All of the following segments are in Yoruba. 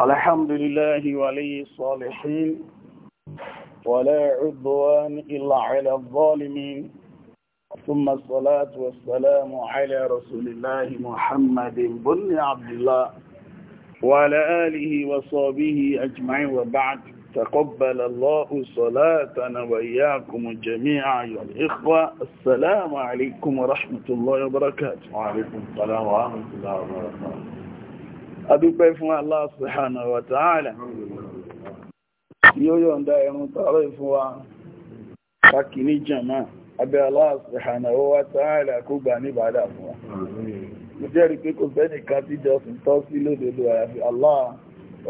الحمد لله ولي الصالحين ولا عدوان إلا على الظالمين ثم الصلاة والسلام على رسول الله محمد بن عبد الله وعلى آله وصحبه أجمعين وبعد تقبل الله صلاتنا وإياكم جميعا أيها الإخوة السلام عليكم ورحمة الله وبركاته وعليكم السلام ورحمة الله وبركاته adúpẹ́ fún Allah subhanahu wa ta'ala yóò yọ̀nda ẹ̀rùn tààrẹ fún wa ní abẹ́ Allah subhanahu wa ta'ala ní bàdà fún wa mo jẹ́rìí pé kò fẹ́ nìkan tí tọ́ sí àyàfi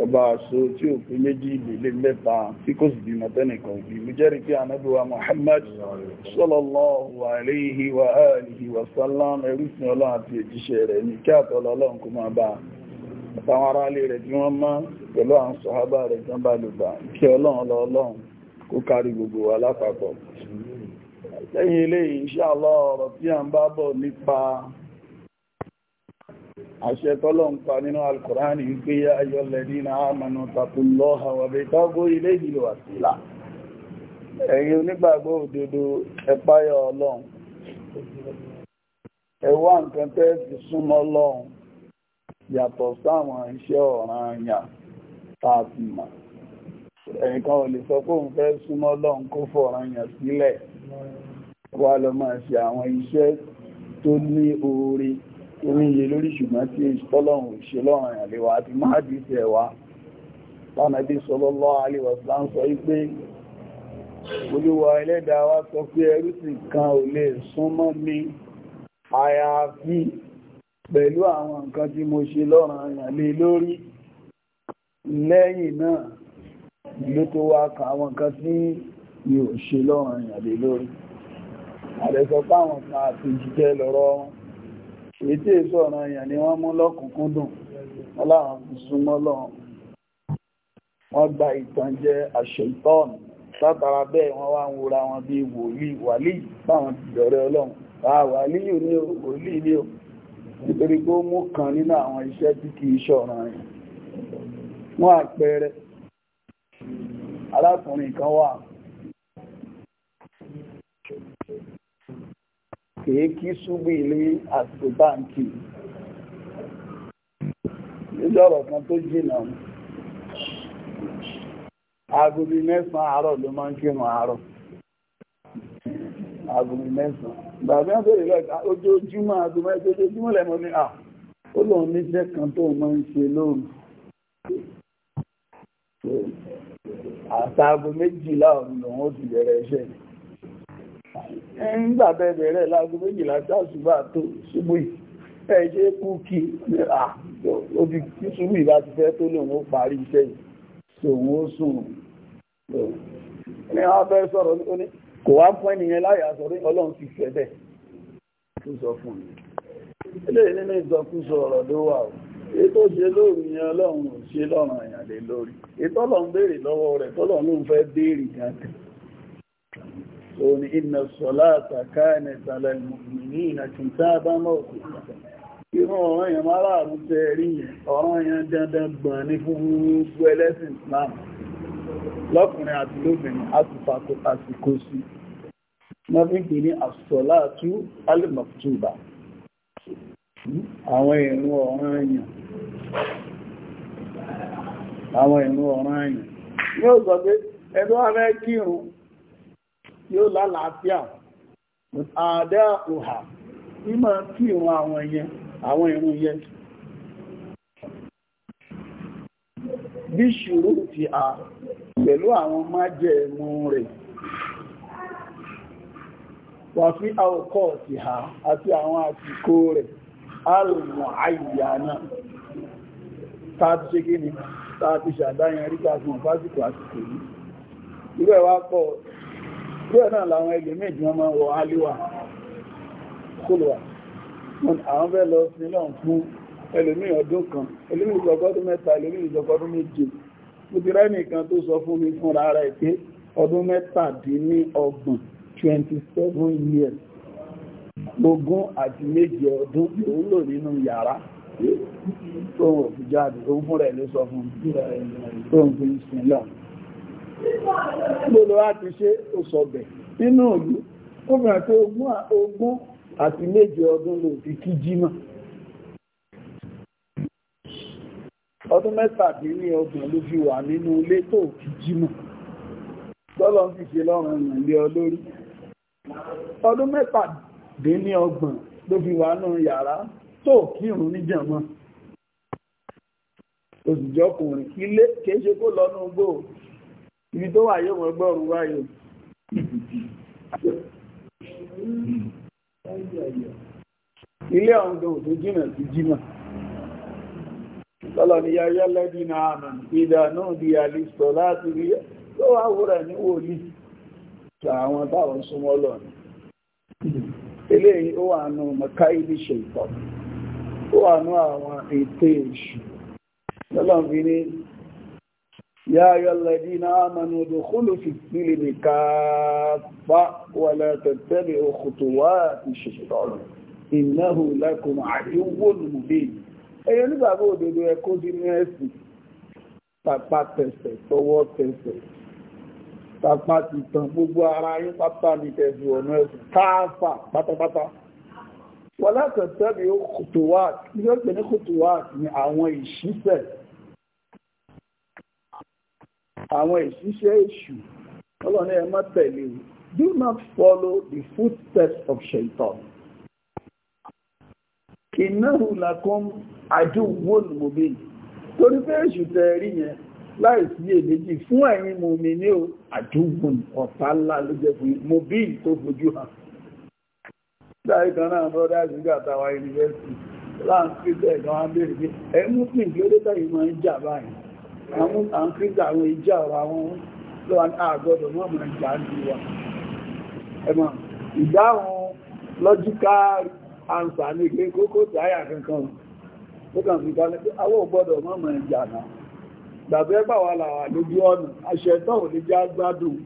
ọba àṣò tí ò fi méjì ìdílé mẹ́ta tí kò sì bímọ tẹ́nìkan òbí pé anábíwa Muhammad wa alihi wa ọlọ́run àti rẹ̀ ní kí àtọ́lọ́lọ́run kó máa àtàwọn ará ilé rẹ̀ tí wọ́n mọ́ pẹ̀lú àwọn sọ̀hábà rẹ̀ tán bá lùgbà kí ọlọ́run lọ ọlọ́run kó kárí gbogbo wa lápapọ̀ lẹ́yìn eléyìí inshallah ọ̀rọ̀ tí a ń bá bọ̀ nípa àṣẹ tọ́lọ́run nínú alkùránì wípé ayyalladhina amanu yàtọ̀ sáwọn iṣẹ́ ọ̀ràn àyàn tààtì mà ẹnìkan ò lè sọ pé òun fẹ́ súnmọ́ lọ́n kó fọ̀ràn àyàn sílẹ̀ wá lọ máa ṣe àwọn iṣẹ́ tó ní oore tó níye lórí ṣùgbọ́n tí ìṣọ́lọ́run ìṣe lọ́rùn àyàn lè wá àti máàdì tẹ̀ wá lánàbí sallallahu alaihi wasallam sọ wípé olúwa ẹlẹ́dàá wa sọ pé ẹrú sì kan ò lè súnmọ́ mi àyàfi pẹ̀lú àwọn nǹkan tí mo ṣe lọ́ràn àyàlé lórí lẹ́yìn náà ló tó wá ka àwọn nǹkan tí mi ò ṣe lọ́ràn àyàlé lórí àrẹsọ páwọn kan àti jíjẹ́ lọ́rọ̀ èyí èso ọ̀ràn àyàn ni wọ́n mú lọ́kùnkúndùn ọláwọn fi súnmọ́ lọ́run wọ́n gba ìtànjẹ àṣẹ̀tọ́ọ̀nù látara bẹ́ẹ̀ wọ́n wá ń wòra wọn bí wòlíì wàlíì báwọn ti dọ̀rẹ́ ọlọ́run wàlíì ni o wòlíì ni nítorí pé ó mú kan nínú àwọn iṣẹ́ tí kìí ṣọ̀ràn rẹ̀ wọ́n àpẹẹrẹ alákùnrin kan wà kìí kí ṣúgbì ilé àsìkò báǹkì níjọ́rọ̀ kan tó jìnà agobi mẹ́sàn-án àárọ̀ ló máa ń kírun àárọ̀ agobi mẹ́sàn-án bàbá bèèrè lọ́ta ojoojúmọ́ agbọ́mọ́ ẹgbẹ́ ojoojúmọ́ lẹ́mọ́ ní à ó lóun ní iṣẹ́ kan tó máa ń ṣe lóòrùn àtàgbò méjìlá ọ̀rùn lòun ó ti bẹ̀rẹ̀ iṣẹ́ nígbà bẹ́ẹ̀ bẹ̀rẹ̀ láago méjìlá sáàsùbà tó ṣubú ẹ ṣe kú kí obi kí ṣubú ìbá ti fẹ́ tó lòun ó parí iṣẹ́ yìí tòun ó sùn ní wọ́n fẹ́ sọ̀rọ̀ ní kò wá fún ẹnìyàn láyà sọ̀rọ̀ ọlọ́run ti fẹ́ bẹ́ẹ̀ tún sọ fún mi eléyìí nínú ìsọkúsọ ọ̀rọ̀ ló wà o ètò ṣe lórí yẹn ọlọ́run ò ṣe lọ́rùn àyàn lé lórí ètò ọlọ́run béèrè lọ́wọ́ rẹ̀ tọ́lọ́run ló ń fẹ́ béèrè gàgà òní iná sọ̀lá àtàkà ẹ̀nà ìsàlẹ̀ mùmìnì ìnà kìtà bá mọ̀ òkúta ìran ọ̀ràn yẹn márààrún tẹ́ rí yẹn ọ̀ràn yẹn dandan gbọ̀n ní fún gbogbo Islam lọ́kùnrin àti lóbìnrin a ti fàkó àsìkò sí wọ́n fi ń pè ní àsọ̀láàtú alìmọ̀túbà àwọn ìrun ọ̀ràn èèyàn àwọn ìrun ọ̀ràn èèyàn yóò sọ pé ẹni wọ́n rẹ̀ kírun yóò lálàáfíà àdá òhà ní máa kírun àwọn ìyẹn àwọn ìrun yẹn bí ṣùrù ti ààrùn pẹ̀lú àwọn májẹ̀mú rẹ̀ wà fí àwọ̀kọ́ ti ha àti àwọn àsìkò rẹ̀ alùmọ̀ àìyà náà tàbí ṣe kí ni tàbí ṣàdáyàn rí káàkùn fásitì àsìkò yìí irú ẹ̀wà pọ̀ bẹ́ẹ̀ náà làwọn ẹgbẹ̀ méjì wọn máa wọ aliwa kúlùwà àwọn fẹ́ lọ sí náà fún ẹlòmí ọdún kan ẹlòmí ìjọgọ́dún mẹ́ta ẹlòmí ìjọgọ́dún méje mo ti rẹ́ nìkan tó sọ fún mi fúnra rẹ̀ pé ọdún mẹ́tàdínní ọgbọ̀n 27 years ogún àti méje ọdún òun lò nínú yàrá tó wọ̀ fi jáde òun fúnra ẹ̀ ló sọ fún tó ń fi sin lọ gbogbo láti ṣe ó sọ bẹ̀ nínú òlú ó bẹ̀rẹ̀ pé ogún àti méje ọdún lò fi kí jímọ̀ ọdún mẹ́tàdínní ọgbọ̀n ló fi wà nínú ilé tó fi jímọ̀ tọ́lọ́ fi ṣe lọ́rùn ìrìn lé ọ lórí ọdún mẹ́tàdínní ọgbọ̀n ló fi wà nínú yàrá tó kírun níjàmọ́ òṣìjọ́kùnrin ilé kìí ṣe kó lọ́nà gbò ibi tó wà yóò mọ̀ gbọ́rùn wáyé ilé ọ̀gbọ̀n tó jìnà sí jímọ̀ lọ́lọ́ ni ya yá lẹ́bí na àmàn ìdá náà di àlìsọ̀ láti rí tó wá wúrẹ̀ ní wòlí àwọn táwọn súnmọ́ lọ ní eléyìí ó wà ibi ṣe ìtọ́ ó àwọn ètè èṣù lọ́lọ́ fi ní يا أيها الذين آمنوا ادخلوا في السلم كافة ولا تتبعوا خطوات الشيطان إنه لكم عدو مبين ẹ̀yin onígbàgbọ́ òdodo ẹ̀kọ́ dínú ẹ̀sìn pàpà tẹ̀sẹ̀ tọwọ́ tẹ̀sẹ̀ pàpà tìtàn gbogbo ara yín pátá ní tẹ̀sí ọ̀nà ẹ̀sìn káàfà pátápátá wọ́n látọ̀tẹ́ bí ó kùtùwáàtì ní ó pè ní kùtùwáàtì ní àwọn ìṣísẹ̀ àwọn ìṣísẹ̀ èṣù ọlọ́ni ẹ má tẹ̀lé do not follow the footsteps of shaitan innahu lakum àdúwòn mòbìn torí pé èṣù tẹ rí yẹn láìsí èméjì fún ẹ̀yin mòmí ní o àdúwòn ọ̀tá ńlá ló jẹ́ fún mòbìn tó fojú hàn láì kan náà brọ́dá ìgbà àtàwà yunifásitì láàrín kírísẹ̀ ìgbà wọn bèèrè pé ẹ mú sí ìgbé lẹ́tà yìí máa ń jà báyìí àwọn kírísẹ̀ àwọn ìjà ọ̀rọ̀ àwọn lọ́wọ́n àgọ́dọ̀ mọ́ mọ́ ìjà ń diwa ẹmọ ìdáhùn lọ́jíkà ansà pé kókó tí àyà kankan ó kàn fi balẹ̀ pé awọ́ gbọ́dọ̀ mọ́mọ̀ ìjà náà gbàgbé ẹgbà wà làwà lójú ọ̀nà àṣẹ tán ò lè jẹ́ agbádùn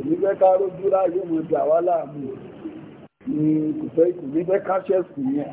ìnífẹ́ ká rójú ráyé mọ̀ jà wá láàmú ní kò fẹ́ ìkù nífẹ́ káṣẹ́sì yẹn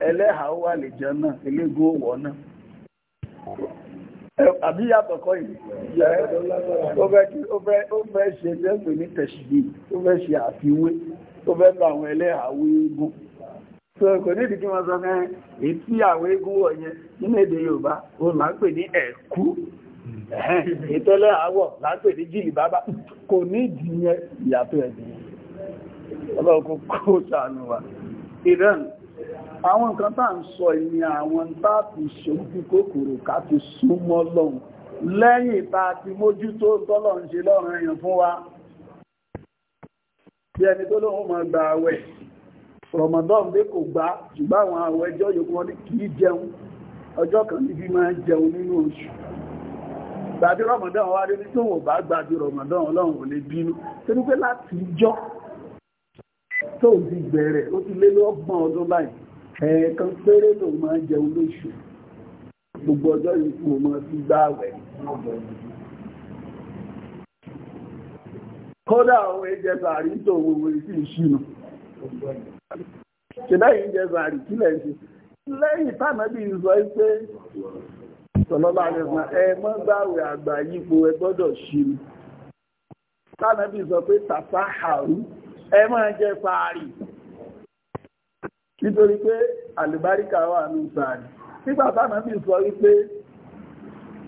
ẹlẹ́hàá wà lè jẹ́ náà elégún òwò náà àbí yàtọ̀ kọ́ yìí ó fẹ́ ṣe lẹ́gbẹ̀ ní tẹ̀ṣìdì ó fẹ́ ṣe àfiwé ó fẹ́ lọ àwọn ẹlẹ́hàá wé sọ fẹ́ àwọn nínú èdè Yorùbá ó ń pè ní ẹ̀kú àwọ̀ ń pè ní jìlì kò ní ìyàtọ̀ sànù àwọn nǹkan tá ń sọ ìní àwọn tá fi ṣojú kòkòrò ká fi súnmọ́ lọ́hùn lẹ́yìn tá ti mójútó tọ́lọ̀ ń ṣe lọ́rùn èèyàn fún wa bí ẹni tó lóhun mọ̀ gba àwẹ̀ rọmọdọ́n bí kò gbá ṣùgbọ́n àwọn àwẹ̀ ẹjọ́ yòókù wọn kì í jẹun ọjọ́ kan níbi máa jẹun nínú oṣù gbàdí rọmọdọ́n wá rí tó wò bá gbàdí rọmọdọ́n ọlọ́run ò lè bínú torí pé láti jọ́ tó ti bẹ̀rẹ̀ ó ti lé lọ́gbọ̀n ọdún báyìí ẹ̀ẹ̀kan péré ló máa jẹun lóṣù gbogbo ọjọ́ ìkú o máa fi gbá àwẹ̀ kódà àwọn ẹjẹ́ sàárì tó gbogbo ìsì ìṣìnà ṣẹlẹ́yìn jẹ́ sàárì kí lẹ́ ṣe lẹ́yìn tánà bí sọ pé sọlọ́lá rẹ̀ ẹ mọ́ gbáwẹ̀ àgbà yípo ẹ gbọ́dọ̀ ṣìnà tánà bí sọ pé tàfáhàrú ẹ máa jẹ sàárì nítorí pé àlùbáríkà wà ní ìsàrí nígbà táwọn bí sọ wípé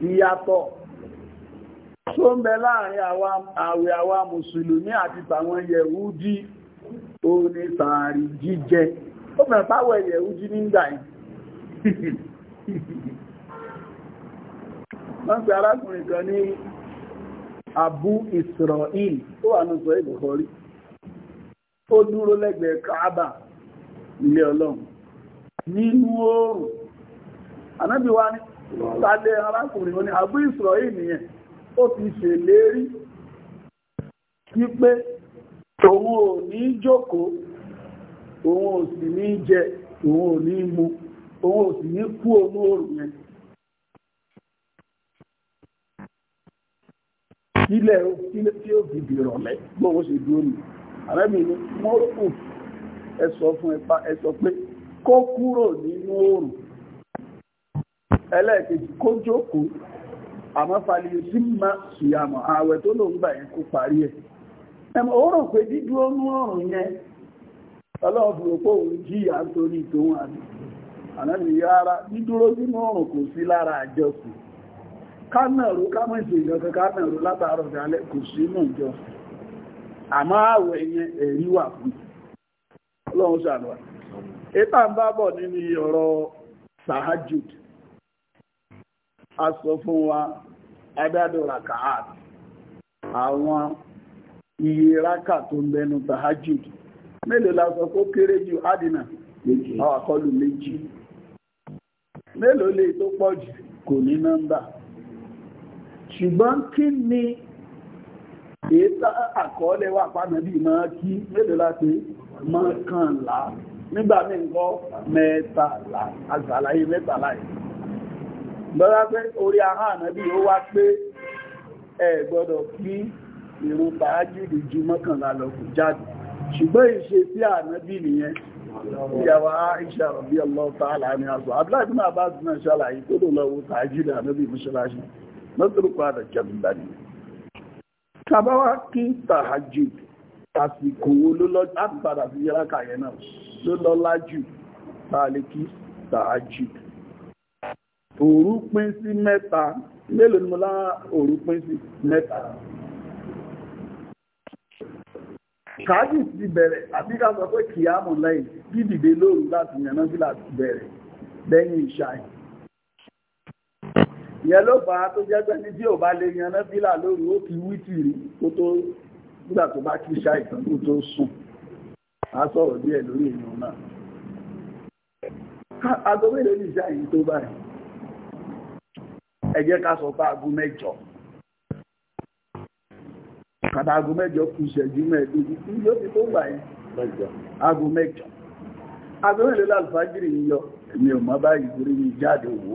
ìyàtọ̀ tó ń bẹ láàrin àwẹ̀ àwa mùsùlùmí àti tàwọn yẹ̀húdí ó ní sàárì jíjẹ ó fẹ́ páwọ̀ yẹ̀húdí nígbà yìí wọ́n pè arákùnrin kan ní Abu Israel tó wà ní sọ ìbùkọ́rí ó dúró lẹ́gbẹ̀ẹ́ Kaaba ilé ọlọ́run nínú oòrùn ànábì wa ní tàdé arákùnrin oní àbú ìsìrọ̀yìn nìyẹn ó ti ṣèlérí wípé òun ò ní jókòó òun ò sì ní jẹ òun ò ní mu òun ò sì ní kú òun oòrùn yẹn Ilé tí ó fi dìrọ̀lẹ́ ṣe dúró ẹsọ sọ fún ẹpa ẹsọ sọ pé kó kúrò nínú oòrùn ẹlẹ́ẹ̀kejì kó jókòó àmọ́ falẹ̀ sí ma ṣìyàmọ̀ ààwẹ̀ tó lòun gbà yẹn kó parí ẹ̀ ẹmọ oòrùn pé dídúró nú ọ̀rùn yẹn ọlọ́run òun jìyà nítorí tòun dídúró ọ̀rùn kò sí lára àjọsìn ìjọsìn ọlọ́run ṣàlùwà ìta ń bá bọ̀ nínú ọ̀rọ̀ tahajud a sọ fún wa adádọ́ra kaat àwọn iye rákà tó ń bẹnu mélòó la sọ kéré ju adìnà àwọn àkọlù méjì mélòó lè tó pọ̀ jù kò ní nọ́mbà ṣùgbọ́n kí ni èyí kí mélòó mọ́kànlá nígbà mí ńkọ́ mẹ́tàlá àṣàlàyé mẹ́tàlá yìí lọ́lá pé orí ahá ànábì ó wá pé ẹ gbọ́dọ̀ kí ìrun tàájìdì ju mọ́kànlá lọ kù jáde ṣùgbọ́n ìṣe sí ànábì nìyẹn ìyàwó Aisha rọ̀bí ọlọ́ta àlàní àṣọ abúláàbí máa bá ti náà ṣàlàyé tó lò lọ́wọ́ tàájìdì ànábì mọ́ṣáláṣí lọ́tọ́rọ̀ padà jẹ́ bíbá nìyẹn tàbáwá kí tàájìdì àsìkò wo ló lọ láti padà sí yẹ́ráka yẹn náà ló lọ́lá jù tààlé kí tààjù òru pín sí mẹ́ta mélòó ni mo lá òru pín sí mẹ́ta kàájì ti bẹ̀rẹ̀ àbí ká sọ pé kìámù lẹ́yìn dídìde lóru láti yànnà sí láti bẹ̀rẹ̀ lẹ́yìn ìṣáì ìyẹn ló fà tó jẹ́ pé ní tí ò bá lè yànnà fílà lóru ó ti wítìrí kó tó nígbà tó bá kí ṣá ìtànkù tó sùn á sọ̀rọ̀ díẹ̀ lórí ìyàn náà aago mélòó ní ìṣá yìí tó báyìí ẹ jẹ́ ká sọ pé aago mẹ́jọ kàtà aago mẹ́jọ kù ìṣẹ́jú mẹ́ẹ̀ẹ́dógún kí yóò fi tó gbà yẹn aago mẹ́jọ aago mélòó lálùfáàjìrì yíyọ èmi ò mọ báyìí torí jáde òwò.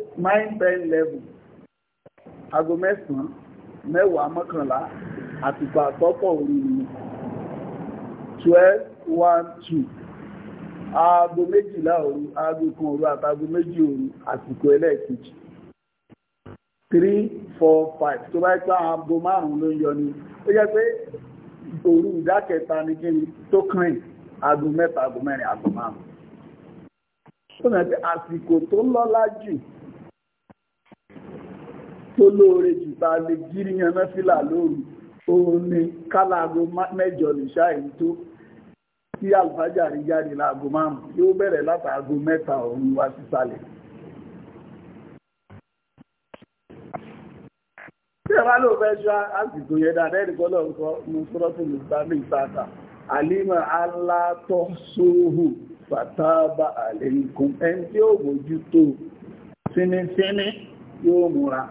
mind ten level. aago mẹ́sàn-án mẹ́wàá mọ́kànlá àtìgbà àtọ́pọ̀ orí ni twelve one two aago méjìlá òru aago kan òru àtàgo méjì òru àsìkò ẹlẹ́ẹ̀kejì three four five tó bá gbá aago márùn-ún ló ń yọ ni ó jẹ́ pé òru ìdá kẹta ni kí ni tó kàn yìí aago mẹ́ta aago mẹ́rin aago márùn-ún. tó náà pé àsìkò tó lọ́lá jù tó lóore jù bá lè gírí yan náfìlà lóru òun ni káláago mẹ́jọ lè ṣáàyí tó tí àlùfájà rí jáde láago márùn yóò bẹ̀rẹ̀ látàago mẹ́ta òun wá sísàlẹ̀. tí ẹ bá lò fẹ́ ṣá àsìkò yẹn dáadáa ẹ̀rí kọ́lọ̀ nǹkan mú sọ́rọ́tì lè bá mi ìtaàtà àlímọ̀ alátọ́sóhù fàtàbà àlẹ́yìnkùn ẹni tí ó mójútó fínífíní yóò múra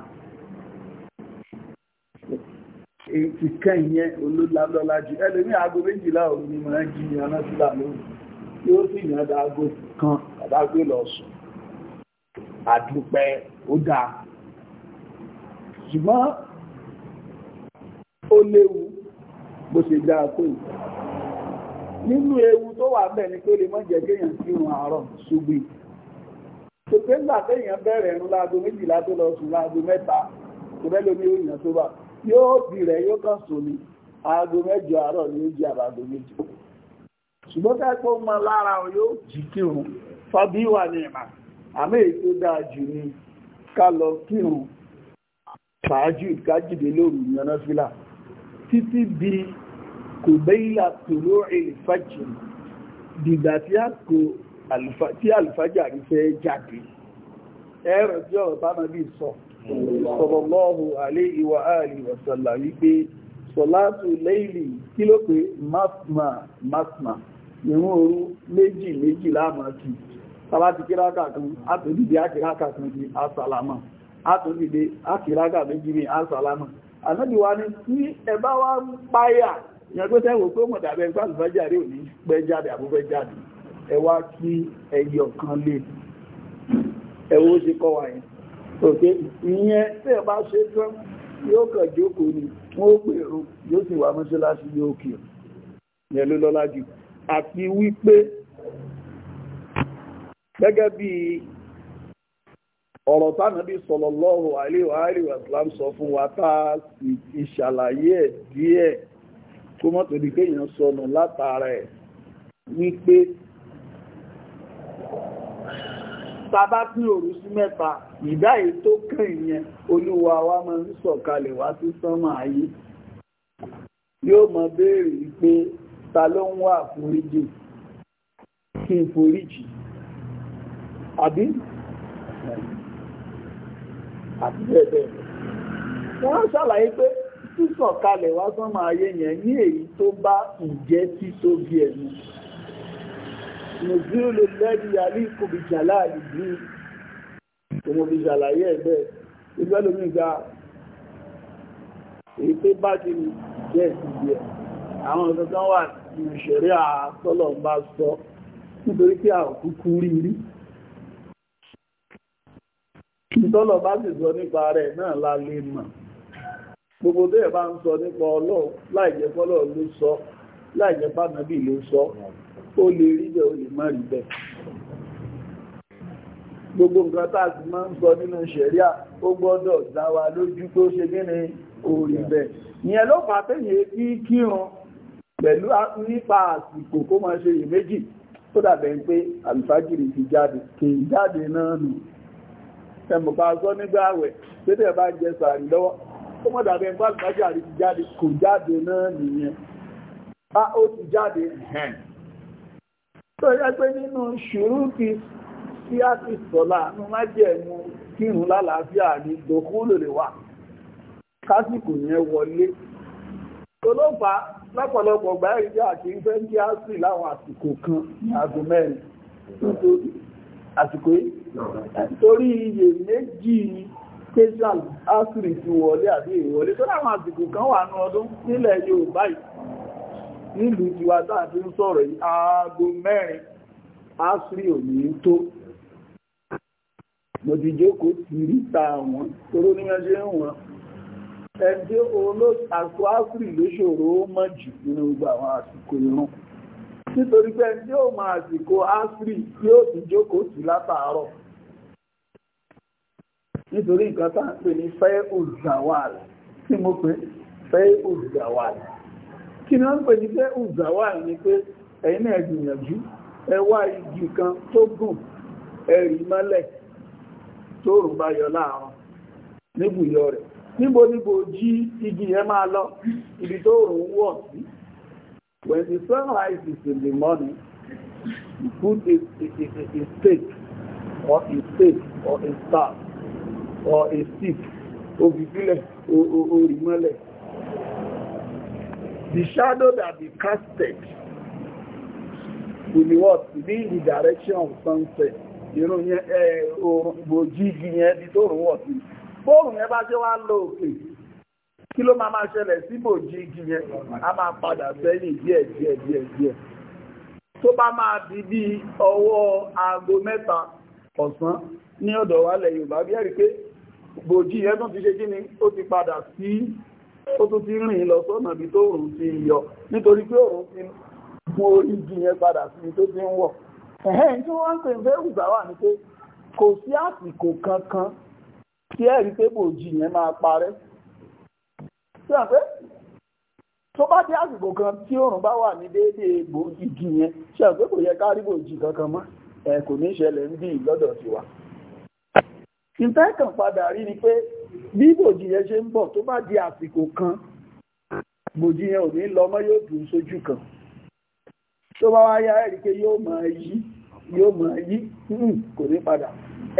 ìkẹ́ ìyẹn olólálọ́lá jù ẹlòmí aago méjìlá òun ni mọ̀ jí ìyànà sílà lóòrùn yóò sì yàn dá aago kan àdágbé lọ sùn àdúpẹ́ ó dáa ṣùgbọ́n ó léwu bó ṣe dáa tó yìí nínú ewu tó wà bẹ́ẹ̀ ni pé lè mọ́ jẹ́ kéèyàn sí ìrun yóò bì rẹ̀ yóò kàn sùn ni aago mẹ́jọ àárọ̀ ní oúnjẹ àbàdo méjì ṣùgbọ́n tẹ́pọ̀ mọ́ lára wọn yóò jì kírun fàbí wà ní ìmà àmì èyí tó dáa jù ní ká lọ kírun ṣáájú ìkájìdé lóru yanáfílà títí bí kò bẹ́yìlà tòró ìlfàjì dìgbà tí àlùfájà rí fẹ́ jáde ẹ̀rọ tí ọ̀rọ̀ bá máa bí sọ sallallahu alayhi wa alihi wa sallam wípé sọ̀látù léìlì kí ló pé masma masma ìrun òru méjì méjì láàmà kí tàbá ti kíráka kan átòdìdé ákìráka kan di asàlámà átòdìdé ákìráka méjì ní asàlámà ànábìwá ní tí ẹbá wá ń páyà ìyàgbẹ́sẹ̀ wò pé mọ̀dà bẹ́ẹ̀ òkè ìyẹn tí ẹ bá ṣe tán yóò kàn jókòó ni wọ́n ó gbèrò yóò sì wà mọ́ṣáláṣí yóò kì yẹn ló lọ́lá jù àti wípé gẹ́gẹ́ bí ọ̀rọ̀ tánàbí sallallahu alaihi wa alihi wasallam sọ fún wa táà sì ti ṣàlàyé ẹ̀ díẹ̀ kó mọ́tò di kéèyàn sọnù látara ẹ̀ wípé tàbá pín òru sí mẹ́ta ìdá èyí tó kàn ìyẹn olúwa wa máa ń sọ̀kalẹ̀ wá sí sánmà ayé yóò mọ béèrè pé ta ló ń wá àforíjì kí n foríjì àbí àti bẹ́ẹ̀ bẹ́ẹ̀ wọ́n ṣàlàyé pé sísọ̀kalẹ̀ wá sánmà ayé yẹn ní èyí tó bá ìjẹ́ títóbi ẹ̀mí nùzúlù lẹ́bí alíkù bí jàlá àdìdí ọmọ bí jàlàyé ẹgbẹ́ ìgbẹ́ lómi ga èyí pé bá ti ní jẹ́ ìsìnkú ẹ̀ àwọn ọ̀sọ̀tán wà ní òṣèré àtọ́lọ̀ ń bá sọ nítorí pé àkúkú rí rí ìtọ́lọ̀ bá sì sọ nípa rẹ̀ náà la lè mọ̀ gbogbo tó yẹ bá ń sọ nípa ọlọ́ọ̀ láìjẹ́ fọ́lọ́ ló sọ láìjẹ́ bá ló sọ ó lè rí bẹ́ẹ̀ ó lè má rí bẹ́ẹ̀ gbogbo nǹkan tá a sì máa ń sọ nínú ṣẹ̀ríà ó gbọ́dọ̀ dá wa lójú tó ṣe kí ni orí bẹ́ẹ̀ ìyẹn ló fà tẹ́yìn kí kírun pẹ̀lú nípa àsìkò kó máa ṣe iyèméjì tó dàbẹ̀ pé àlùfájìrì ti jáde kì í jáde náà nù ẹmùpa sọ nígbà àwẹ̀ tẹ́tẹ̀ bá jẹ sàárì lọ́wọ́ ó mọ̀ dàbẹ̀ pé àlùfájìrì ti jáde kò jáde náà nìyẹn ó ti jáde tó yẹ pé nínú tí a ti sọ̀lá ní májẹ̀mú kírun lálàáfíà ní dòkúlò lè wà kásìkò yẹn wọlé olófà lọ́pọ̀lọpọ̀ gbáyìí àti ìfẹ́ kí á láwọn kan ní aago mẹ́rin nítorí àsìkò yìí torí iye méjì special asiri ti wọlé àti ìwọlé tó láwọn àsìkò kan wà ní ọdún nílẹ̀ Yorùbá nílùú tiwa táà ti ń sọ̀rọ̀ yìí aago mẹ́rin asiri òní tó mo ti jókòó ti rí ta wọn toró ní ẹjẹ́ wọn ẹjẹ́ olóòtú asiri lóṣòro ó mọ̀ jù nínú gbogbo àwọn àsìkò irun nítorí pé ẹjẹ́ ò mọ àsìkò asiri yóò ti jókòó sí látàárọ̀ nítorí nǹkan tá à ń pè ní fẹ́ òjàwàl tí mo pè fẹ́ òjàwàl kí ni wọ́n pè ní pé ùzàwà ní pé ẹ̀yin náà gbìyànjú igi kan tó gùn ẹ mọ́lẹ̀ tó rùn bá yọ láàrùn níbùyọ rẹ̀ níbo níbo jí igi yẹn máa lọ ibi tó rùn wọ̀ sí when the sun rises in the morning you put a, a, a, a stake or a stake or a star or a stick òfìfilẹ̀ orí mọ́lẹ̀ The shadow that he casted will be what? Be in the direction of sunset. Irun yẹn oòrùn gbòjìgì yẹn di tó rùn wọ̀ sí. Bóòrùn yẹn bá ṣe wá lọ òkè. Kí ló máa máa ṣẹlẹ̀ sí gbòjìgì yẹn? A máa padà sẹ́yìn díẹ̀ díẹ̀ díẹ̀ díẹ̀. Tó bá máa di bí ọwọ́ aago mẹ́ta ọ̀sán ní ọ̀dọ̀ wa lẹ̀ Yorùbá bí ẹ̀rí pé gbòjì yẹn tún ti ṣe kí ni ó ti padà sí ó tún ti rìn lọ sọ́nà bí tó òrùn ti yọ nítorí pé òrùn ti mú orí igi yẹn padà sí tó ti ń wọ̀ ẹ̀hẹ́n tí wọ́n ń pè fẹ́ ìgbàwà ni pé kò sí àsìkò kankan tí ẹ̀rí pé bòjì yẹn máa parẹ́ sí àpé tó bá dé àsìkò kan tí òrùn bá wà ní déédéé bòjì yẹn sí àpé kò yẹ ká rí bòjì kankan mọ́ ẹ̀ kò ní ṣẹlẹ̀ ń bí lọ́dọ̀ tiwa ìtẹ́kàn padà rí ni pé bí bòjì yẹn ṣe ń bọ̀ tó bá di àsìkò kan bòjì yẹn ò ní lọ mọ́ yóò dùn sójú kan tó bá wá yá ẹ̀rí pé yóò máa yí yóò máa yí kò ní padà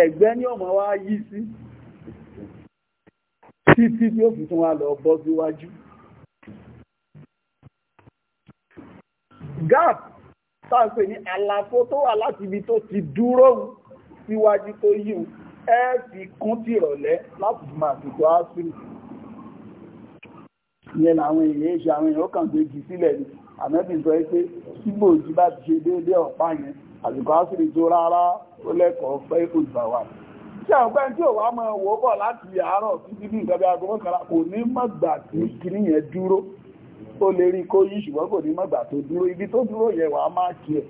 ẹ̀gbẹ́ ni ó máa wá yí sí títí tí ó fi tún wá lọ bọ́ síwájú gap tàbí ní àlàfo tó wà láti ibi tó ti dúró síwájú tó yíun ẹ fi kún ti ìrọ̀lẹ́ láti fi máa tètò áṣírí ìyẹn làwọn èèyàn ṣe àwọn èèyàn kàn gbé jù sílẹ̀ ni àmẹ́bí sọ pé sígbò jí bá ti ṣe déédéé ọ̀pá yẹn àsìkò áṣírí tó rárá ó lẹ́kọ̀ọ́ wà àwọn tí ò wá máa bọ̀ láti àárọ̀ títí bí nǹkan bí aago mọ́kànlá kò ní ibi tó dúró yẹn wàá kí ẹ̀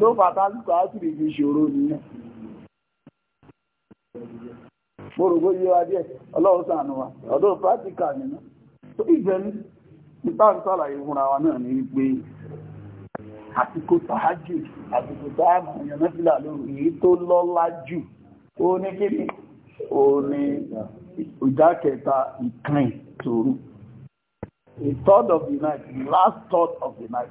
tó fàtà lùkọ átìrì fi ṣòro nìyẹn mo rò bóyá wa ọlọ́run ṣàánú wa ọ̀dọ́ pàtíkà nínú tó ìjẹ́ ní nípa ń wa náà ní pé àsìkò tàájù àsìkò tààmù ìyànnáfílà lórí èyí tó lọ́lá jù ó ní kíni ó ní ìjà kẹta the third of the night the last third of the night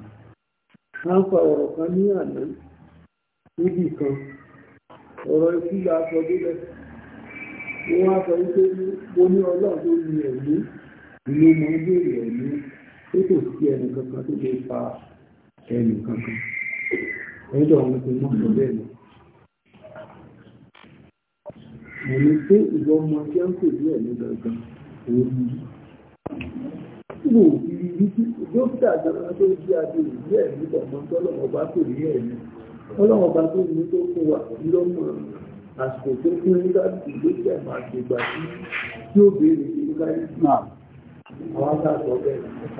wọ́n ń pa ọ̀rọ̀ kan ní àná níbì kan ọ̀rọ̀ ikú la sọ délẹ̀ mo wá sọ wípé mo ní ọlọ́run tó ní ẹ̀mí ìlú mo ń béèrè ẹ̀mí tó kò sí ẹnì kankan tó lè pa ẹnì kankan ẹjọ́ àwọn ti mọ́ sọ bẹ́ẹ̀ lọ. mo ní pé ìjọ ọmọ tí wò ìrírí tí dókítà gan-an tó jí adé ìrí ẹ̀mí kọ̀ọ̀kan tọ́lọ́mọ bá ní tó kó wà lọ́mọ àsìkò tó kún ṣe gbà sí tí ó béèrè sí ní láyé náà àwọn àtàkọ́ bẹ́ẹ̀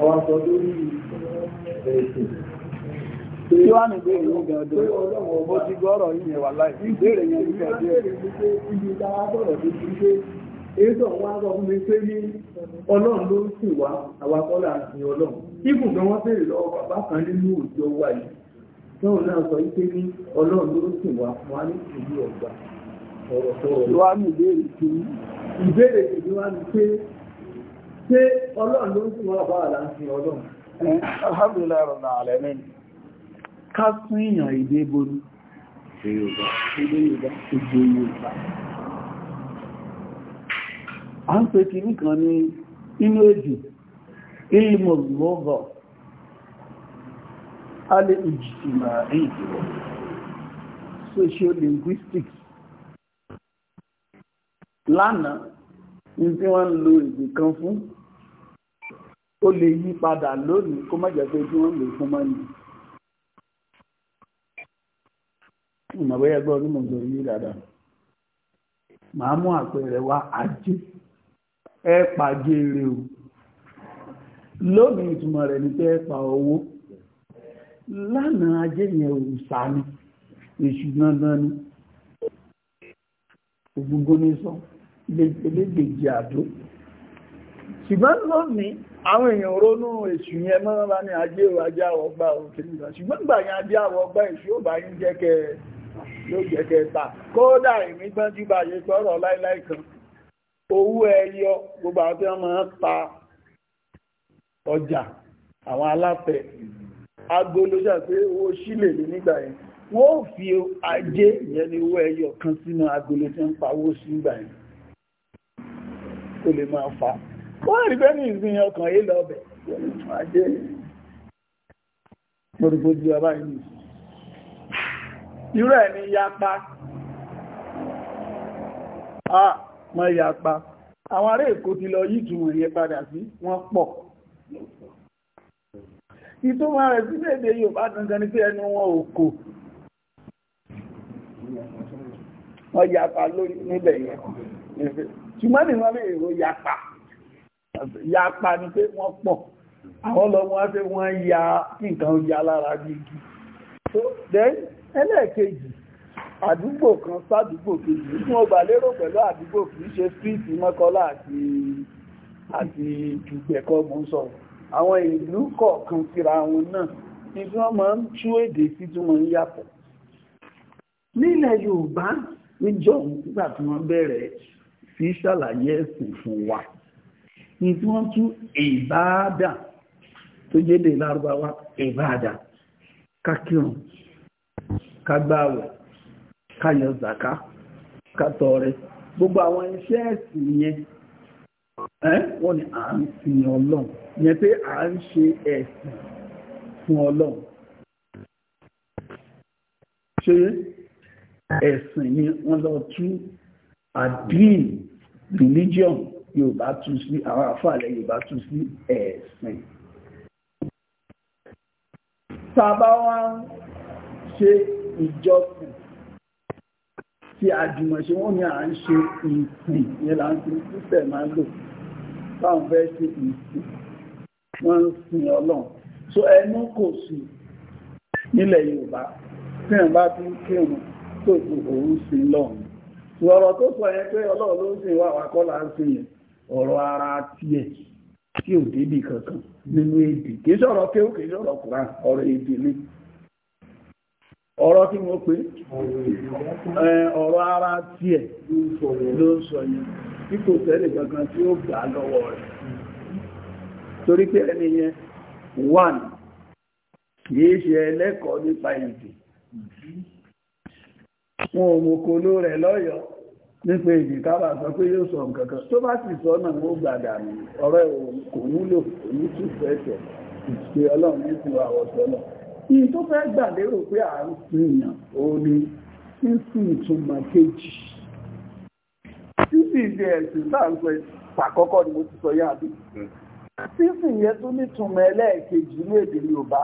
àwọn ètò àwọn agbọ̀gbọ̀n mi pé ní ọlọ́run ló ń sì wá àwakọ́lá ní ọlọ́run ibùn gan wọ́n bèèrè lọ́wọ́ bàbá kan nínú òjò wà yìí tóun náà sọ wípé ní ọlọ́run ló sì wá ní ìlú ọ̀rọ̀ ní ìbéèrè tí ìbéèrè tí pé ọlọ́run ló sì wá ọlọ́run. a ń pè kìí kan ní inú èdè ilmọ̀ lọ́gọ̀ alẹ́ ìjìsìmà ìjìwọ̀ sociolinguistics lánàá ní tí wọ́n ń lo èdè kan fún ó lè yí padà lónìí kó má pé tí wọ́n lè fún mọ́ ni ìmọ̀wé ẹgbẹ́ onímọ̀ dáadáa màá mú àpẹẹrẹ wá ajé ẹ pàjèrè o lónìí ìtumọ̀ rẹ̀ ní pé ẹ pa owó lánàá ajé yẹn òòsà ni èṣù dandan ni ògbógbó ní sọ elégbèjì àdó ṣùgbọ́n lónìí àwọn èèyàn ronú èṣù yẹn mọ́nàlá ní ajé ò ajé àwọ̀ gbà òkè nígbà ṣùgbọ́n gbà yẹn ajé àwọ̀ gbà èṣù ò bá yín jẹ́kẹ́ ló jẹ́kẹ́ ta kódà ìmígbọ́n jú bá yẹ sọ̀rọ̀ láíláí kan owó ẹyọ gbogbo àwọn tí wọ́n máa ń ta ọjà àwọn aláfẹ́ agolo ṣàpé owó sílẹ̀ ní nígbà yẹn wọ́n ò fi ajé ìyẹn ni owó ẹyọ kan sínú agolo tí ń pa owó sí nígbà yẹn kó lè máa fa wọ́n rí bẹ́ẹ̀ ní ìsìn ọkàn yìí lọ́bẹ̀ ajé gbogbo di ọba yìí irú ẹ̀ ni yapa ah! mọ́ yapa àwọn ará èkó ti lọ yítumọ̀ yẹn padà sí wọ́n pọ̀ ìtumọ̀ rẹ̀ sí léde Yorùbá gangan ní pé ẹnu wọn ò kò wọ́n yapa lórí níbẹ̀ yẹn ṣùgbọ́n ní wọ́n lè èrò yapa yapa ni pé wọ́n pọ̀ àwọn lọ́wọ́ wọ́n fẹ́ wọ́n ya kí nǹkan ya lára gígí so then ẹlẹ́ẹ̀kejì àdúgbò kan sádùúgbò kejì tí wọ́n gbà lérò pẹ̀lú àdúgbò kìí ṣe fíìtì mọ́kọ́lá àti àti ìdùgbẹ̀kọ́ mọ́ sọ̀rọ̀ àwọn ìlú kọ̀ọ̀kan síra wọn náà ní tí wọ́n máa ń tú èdè sí tí wọ́n ń yàtọ̀ nílẹ̀ Yorùbá níjọ́ nígbà tí wọ́n bẹ̀rẹ̀ sí ṣàlàyé ẹ̀sìn fún wa ní tí wọ́n tú ìbáadà tó jẹ́dẹ̀ lárúbáwá ìbáadà kákírùn kágbáwẹ̀ káyọ̀ zaka kátọ̀ rẹ̀ gbogbo àwọn iṣẹ́ ẹ̀sìn yẹn wọ́n ni à ń sin ọlọ́run yẹn pé à ń ṣe ẹ̀sìn fún ọlọ́run ṣe ẹ̀sìn ni wọ́n lọ tú àdín religion Yorùbá tú sí àwọn àfàlẹ̀ Yorùbá tú sí ẹ̀sìn tàbá wá ń ṣe ìjọsìn ti àjùmọ̀ṣe wọ́n ní à ń ṣe ìsìn yẹn là ń fi sísẹ̀ máa lò táwọn fẹ́ ṣe ìsìn wọ́n ń sin ọlọ́run so ẹnu kò sí nílẹ̀ yorùbá tí wọ́n bá ti ń kírun tó kù òun sin lọ́run ọ̀rọ̀ tó sọ yẹn pé ọlọ́run ló ń sin wà wà kọ́ là ń sin yẹn ọ̀rọ̀ ara tiẹ̀ tí ò débì kankan nínú èdè kì í sọ̀rọ̀ kéwù kì í sọ̀rọ̀ kùrán ọ̀rọ̀ èdè ni ọ̀rọ̀ kí wọ́n pé ọ̀rọ̀ ara tí ẹ̀ ló ń sọ yẹn tí kò tẹ́lẹ̀ tí ó gbà lọ́wọ́ rẹ̀ torí pé ẹni yẹn one kìí ṣe ẹlẹ́kọ̀ọ́ nípa èdè wọn ò ló rẹ̀ nípa kábà sọ pé yóò sọ sọ náà ó ọ̀rọ̀ kò wúlò kò ní tẹ̀ ọlọ́run ní ìyí tó fẹ́ gbà lérò pé àrùn èèyàn ò ní sísìn ìtumọ̀ kejì sísìn ìdí ẹ̀sìn sáàpẹ pàkọ́kọ́ ni mo ti sọ yá bí hmm. sísìn yẹn tó nítumọ̀ ẹlẹ́ẹ̀kejì ní èdè Yorùbá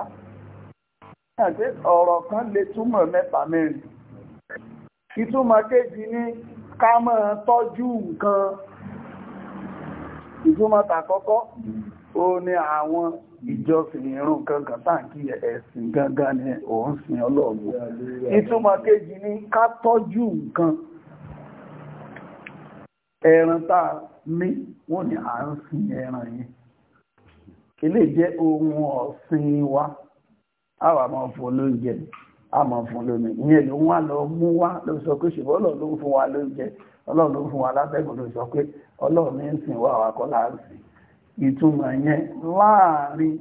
àti ọ̀rọ̀ kan lè túmọ̀ mẹ́ta mẹ́rin ìtumọ̀ kejì ní ká máa tọ́jú nǹkan ìtumọ̀ tàkọ́kọ́ ó hmm. ní àwọn ìjọsìn ìrún kankan táàkì ẹ̀sìn gangan ni òun sin ọlọ́ọ̀gbọ̀ ìtumọ̀ kejì ni ká tọ́jú nǹkan ẹran tá ní wọ́n ni a ń sin ẹran yẹn ilé jẹ́ ohun ọ̀sìn wa a wà máa fún lóúnjẹ a máa fún lómi ìyẹn ló wá lọ mú wá ló sọ pé ṣùgbọ́n ọlọ́run ló ń fún wa lóúnjẹ ọlọ́run ló ń fún wa látẹ́gùn ló sọ pé ọlọ́run ní ń sìn wá àwa kọ́ ìtumọ̀ yẹn láàrin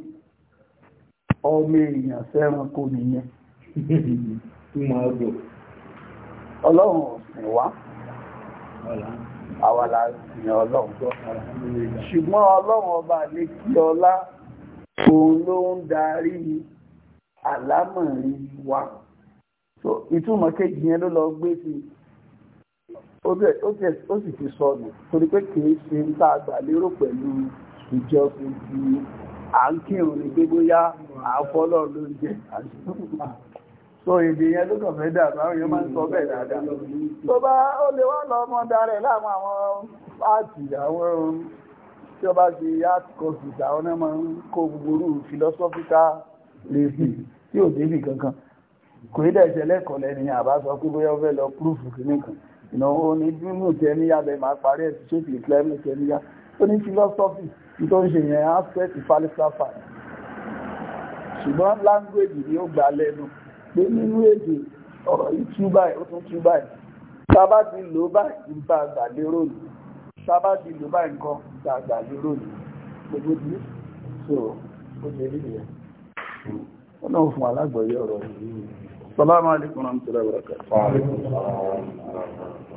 ọmọ èèyàn sẹ́ranko nìyẹn ọlọ́run ọ̀sìn wá àwàlà ìyàn ọlọ́run ṣùgbọ́n ọlọ́run ọba lè kí ọlá òun ló ń darí àlámọ̀rí yẹn ló lọ gbé sí ó sì ti torí pé kìí ṣe ń tá pẹ̀lú ìjọsìn tí à ń kírun ní pé bóyá àfọ́lọ́ ló ń jẹ́ so èdè yẹn ló kọ̀fẹ́ dàbí àwọn èèyàn máa ń sọ bẹ́ẹ̀ dáadáa tó bá ó lè wá lọ ọmọ darẹ̀ láwọn àwọn áàtì àwọn tí ó bá ti art courses àwọn náà máa ń kó gbogbo philosophical lèsì tí ò débì kankan kò ní dẹ̀ ṣẹlẹ̀ kọ̀lẹ̀ ni àbá sọ pé bóyá ó fẹ́ lọ púrúfù kìnnìkan ìnáwó ní bímú tẹ́míyà bẹ́ẹ̀ máa parí ẹ̀sì ṣé kìí climate tẹ́míyà ó ní philosophy tó ń ṣe yẹn aspect falisafa ṣùgbọ́n language ni ó gbà lẹ́nu pé nínú èdè ọ̀rọ̀ yìí tú báyìí ó tún tú báyìí sábà ti lò báyìí nípa àgbàlérò ni sábà ti lò báyìí nǹkan nípa àgbàlérò ni gbogbo tí so ó ṣe rí rẹ̀ ó náà fún alágbọ̀yé ọ̀rọ̀ yìí Salaam alaikum warahmatullahi wabarakatuh.